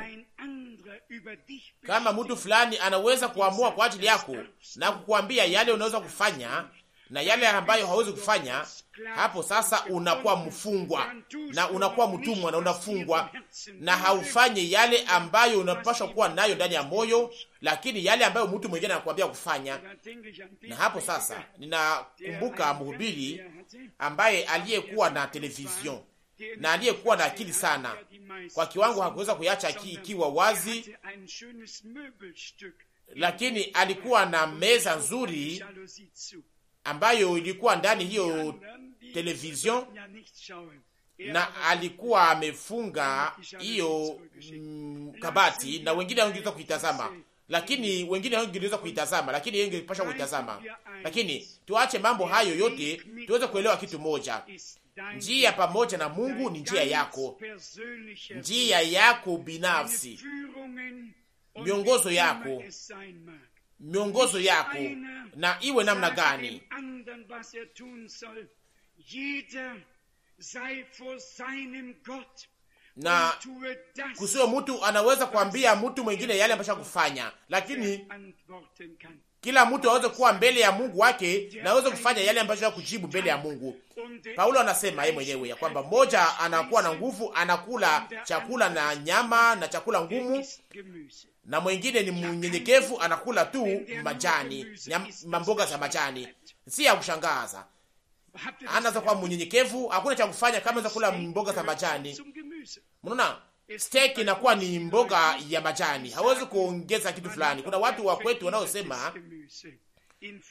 Kama mtu fulani anaweza kuamua kwa ajili yako na kukuambia yale unaweza kufanya na yale ambayo hawezi kufanya, hapo sasa unakuwa mfungwa na unakuwa mtumwa na unafungwa, na haufanyi yale ambayo unapaswa kuwa nayo ndani ya moyo, lakini yale ambayo mtu mwingine anakuambia kufanya. Na hapo sasa ninakumbuka mhubiri ambaye aliyekuwa na televizion na aliyekuwa na akili sana kwa kiwango, hakuweza kuyacha ikiwa wazi, lakini alikuwa na meza nzuri ambayo ilikuwa ndani hiyo television na alikuwa amefunga hiyo mm, kabati na wengine hawangeweza kuitazama, lakini wengine hawangeweza kuitazama, lakini yeye ingepasha kuitazama. Lakini tuache mambo hayo yote, tuweze kuelewa kitu moja: njia pamoja na Mungu ni njia yako, njia yako binafsi, miongozo yako miongozo yako na iwe namna gani. Na kusiwe mtu anaweza kuambia mtu mwingine yale ambacho kufanya, lakini kila mtu aweze kuwa mbele ya Mungu wake na aweze kufanya yale ambacho ya kujibu mbele ya Mungu. Paulo anasema yeye mwenyewe ya kwamba mmoja anakuwa na nguvu, anakula chakula na nyama na chakula ngumu na mwingine ni mnyenyekevu, anakula tu majani, mamboga za majani. Si ya kushangaza, anaweza kuwa mnyenyekevu, hakuna cha kufanya kama za kula mboga za majani. Mnaona, steak inakuwa ni mboga ya majani, hawezi kuongeza kitu fulani. Kuna watu wa kwetu wanaosema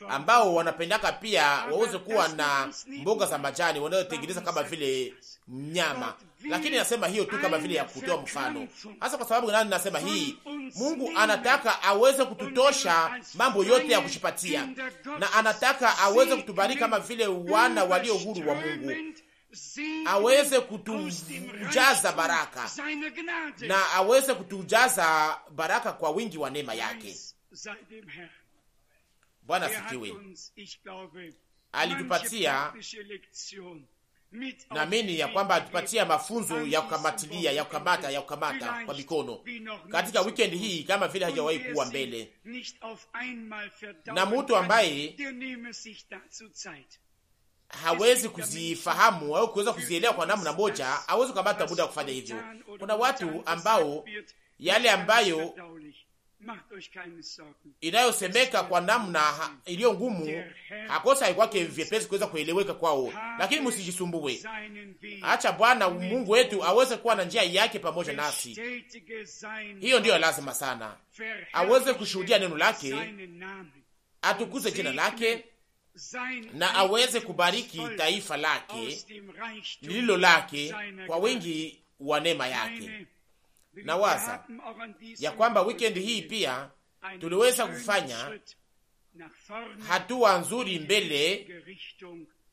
ambao wanapendaka pia waweze kuwa na mboga za majani wanayotengeneza kama vile nyama, lakini nasema hiyo tu kama vile ya kutoa mfano hasa. Kwa sababu nani nasema hii? Mungu anataka aweze kututosha mambo yote ya kushipatia, na anataka aweze kutubariki kama vile wana walio huru wa Mungu aweze kutujaza baraka na aweze kutujaza baraka kwa wingi wa neema yake. Bwana er sikiwe, alitupatia naamini ya kwamba alitupatia mafunzo ya kukamatilia, ya kukamata, ya kukamata kwa mikono katika weekend hii, kama vile hajawahi kuwa mbele, na mtu ambaye hawezi kuzifahamu au kuweza kuzielewa kwa namna moja, hawezi kukamata muda wa kufanya hivyo. Kuna watu ambao yale ambayo inayosemeka kwa namna iliyo ngumu, hakosa haikwake vyepesi kuweza kueleweka kwao, lakini msijisumbue. Acha Bwana Mungu wetu aweze kuwa na njia yake pamoja nasi, hiyo ndiyo lazima sana, aweze kushuhudia neno lake, atukuze jina lake na aweze kubariki taifa lake lililo lake kwa wingi wa neema yake na waza ya kwamba wikendi hii pia tuliweza kufanya hatua nzuri mbele,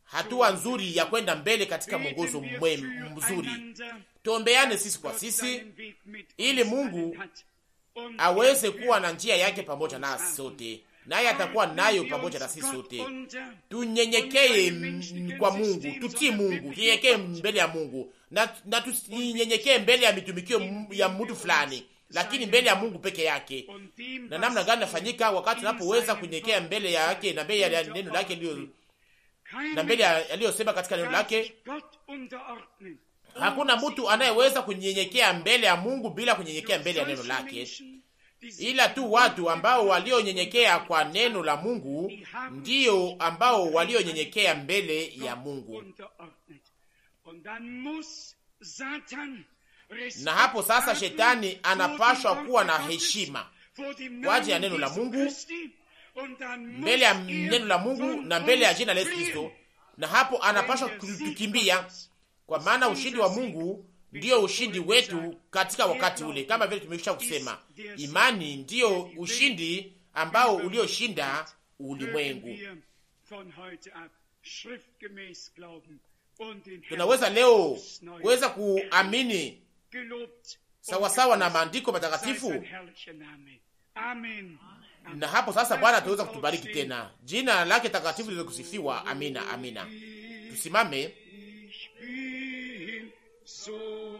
hatua nzuri ya kwenda mbele katika mwongozo mzuri. Tuombeane sisi kwa sisi, ili Mungu aweze kuwa na njia yake pamoja nasi sote, naye atakuwa nayo pamoja na sisi sote. Tunyenyekee kwa Mungu, tutii Mungu, tunyenyekee mbele ya Mungu na, na tusinyenyekee mbele ya mitumikio ya mtu fulani, lakini mbele ya Mungu peke yake. Na namna gani nafanyika wakati unapoweza kunyenyekea mbele yake na mbele ya neno lake liyo, na mbele aliyosema katika neno lake. Hakuna mtu anayeweza kunyenyekea mbele ya Mungu bila kunyenyekea mbele ya neno lake, ila tu watu ambao walionyenyekea kwa neno la Mungu ndio ambao walionyenyekea mbele ya Mungu na hapo sasa shetani anapashwa kuwa na heshima kwa ajili ya neno la Mungu, mbele ya neno la Mungu na mbele ya jina la Yesu Kristo, na hapo anapashwa kukimbia, kwa maana ushindi wa Mungu ndiyo ushindi wetu katika wakati ule, kama vile tumekwisha kusema, imani ndiyo ushindi ambao ulioshinda ulimwengu tunaweza leo kuweza kuamini sawasawa na maandiko matakatifu, na hapo sasa Bwana ataweza kutubariki tena. Jina lake takatifu liweze kusifiwa. Amina, amina. Tusimame so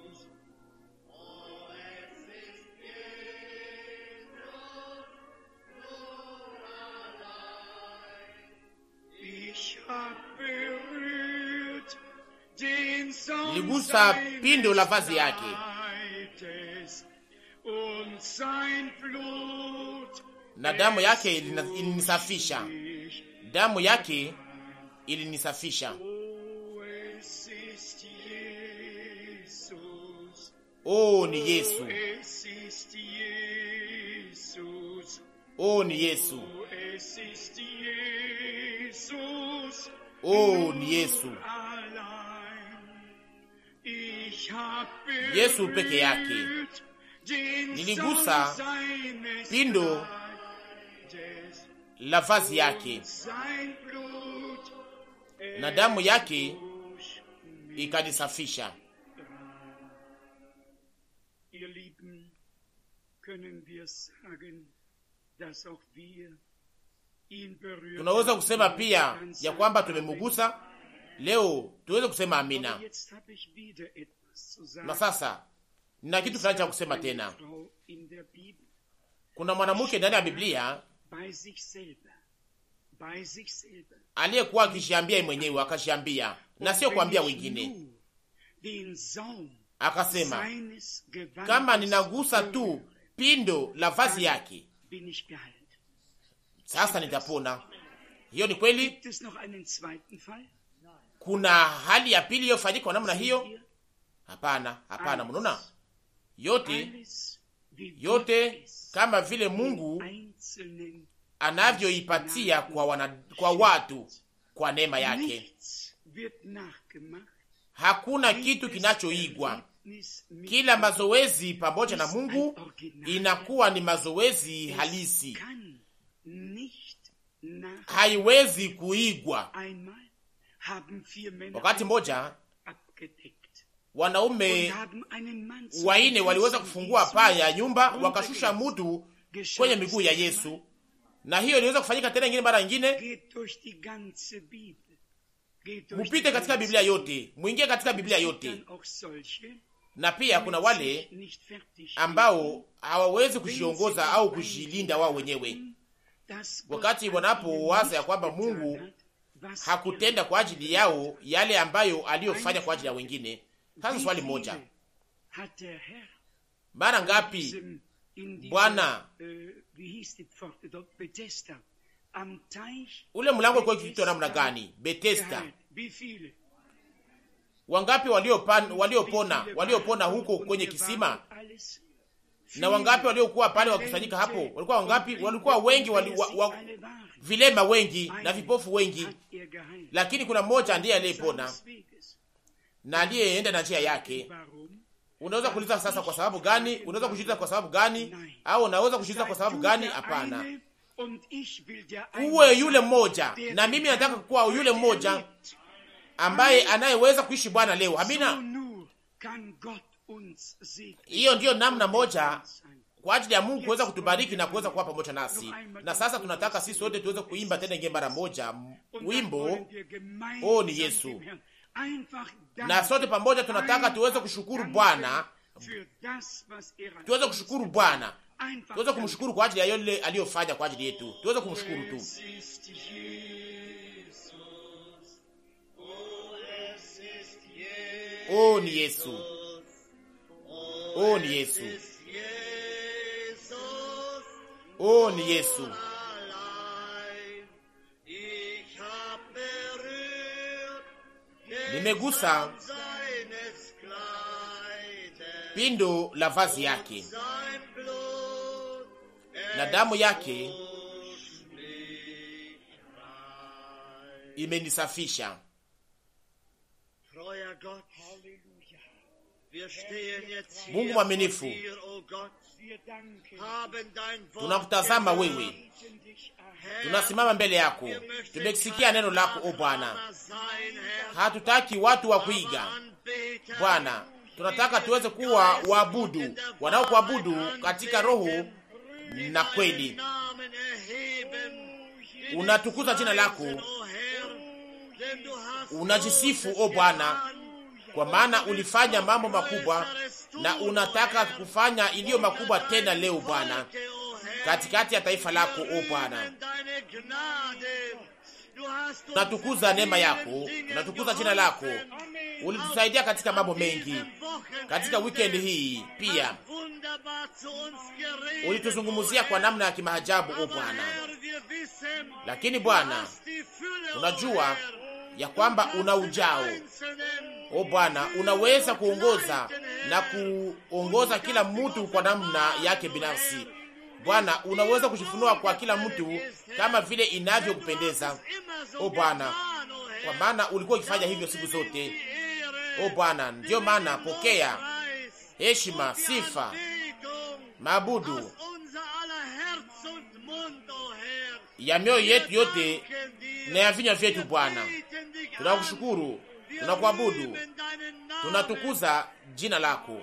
ligusa pindo la vazi yake na damu yake ilinisafisha, damu yake ilinisafisha. Oh, ni Yesu! Oh, ni Yesu! Oh, ni Yesu! Yesu peke yake. Niligusa pindo la vazi yake na damu yake ikanisafisha. Tunaweza kusema pia ya kwamba tumemugusa leo, tuweze kusema amina. Na sasa na kitu fulani cha kusema tena. Kuna mwanamke ndani ya Biblia aliyekuwa akishiambia mwenyewe, akashiambia na sio kuambia wengine, akasema kama ninagusa tu pindo la vazi yake, sasa nitapona. Hiyo ni kweli. Kuna hali ya pili iliyofanyika namna hiyo. Hapana, hapana, mnaona yote yote kama vile Mungu anavyoipatia kwa wana, kwa watu kwa neema yake. Hakuna kitu kinachoigwa. Kila mazoezi pamoja na Mungu inakuwa ni mazoezi halisi, haiwezi kuigwa. Wakati mmoja wanaume oh, waine waliweza kufungua paa ya nyumba wakashusha mutu kwenye miguu ya Yesu, na hiyo iliweza kufanyika tena ingine mara ingine. Mupite katika Biblia yote, mwingie katika Biblia yote. Na pia kuna wale ambao hawawezi kujiongoza au kujilinda wao wenyewe, wakati wanapowaza ya kwamba Mungu hakutenda kwa ajili yao yale ambayo aliyofanya kwa ajili ya wengine sasa swali moja, mara ngapi Bwana uh, ule mlango kwa kitu namna gani? Bethesda, wangapi waliopona waliopona waliopona huko kwenye kisima na wangapi waliokuwa pale wakusanyika hapo? Walikuwa wangapi? Walikuwa wengi wali, wa, wa, vilema wengi na vipofu wengi, lakini kuna mmoja ndiye aliyepona na aliyeenda na njia yake. Unaweza kuuliza sasa, kwa sababu gani? Unaweza kujiuliza kwa sababu gani? Au unaweza kujiuliza kwa sababu gani? Hapana, uwe yule mmoja, na mimi nataka kuwa yule mmoja ambaye anayeweza kuishi Bwana leo. Amina, hiyo ndiyo namna moja er kwa ajili ya Mungu kuweza kutubariki na kuweza kuwa pamoja nasi. Na sasa tunataka sisi wote tuweze kuimba tena ingie mara moja wimbo oh, ni Yesu na sote pamoja tunataka tuweze kushukuru Bwana, tuweze kushukuru Bwana, tuweze kumshukuru kwa ajili ya yale aliyofanya kwa ajili yetu, tuweze kumshukuru tu. Oh, oh, oh, ni Yesu, oh, ni Yesu, oh, ni Yesu. Nimegusa pindo la vazi yake na damu yake imenisafisha. Mungu mwaminifu, tunakutazama wewe, tunasimama mbele yako, tumekisikia neno lako o Bwana. Hatutaki watu wa kuiga Bwana, tunataka tuweze kuwa waabudu wanaokuabudu katika roho na kweli. Unatukuza jina lako, unajisifu o Bwana kwa maana ulifanya mambo makubwa na unataka kufanya iliyo makubwa tena leo Bwana, katikati ya taifa lako. O Bwana, Natukuza neema yako, natukuza jina lako. Ulitusaidia katika mambo mengi katika weekend hii, pia ulituzungumzia kwa namna ya kimaajabu, o Bwana. Lakini Bwana, unajua ya kwamba una ujao. O Bwana, unaweza kuongoza na kuongoza kila mtu kwa namna yake binafsi. Bwana, unaweza kushifunua kwa kila mtu kama vile inavyokupendeza. O Bwana, kwa maana ulikuwa ukifanya hivyo siku zote. O Bwana, ndiyo maana pokea heshima, sifa, maabudu ya mioyo yetu yote na ya vinywa vyetu. Bwana, tunakushukuru, tunakuabudu, tunatukuza jina lako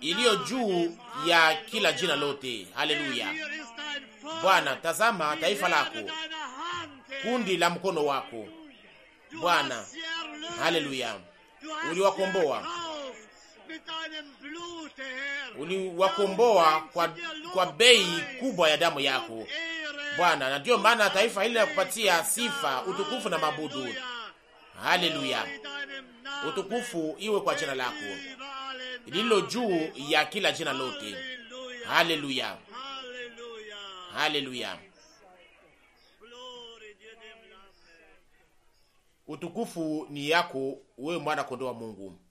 iliyo juu ya kila jina lote. Haleluya! Bwana, tazama taifa lako, kundi la mkono wako Bwana. Haleluya! Uliwakomboa uliwakomboa kwa, kwa bei kubwa ya damu yako Bwana, na ndiyo maana taifa hili linakupatia sifa, utukufu na mabudu. Haleluya, utukufu iwe kwa jina lako lililo juu ya kila jina lote. Haleluya, haleluya, utukufu ni yako wewe, mwana kondoo wa Mungu.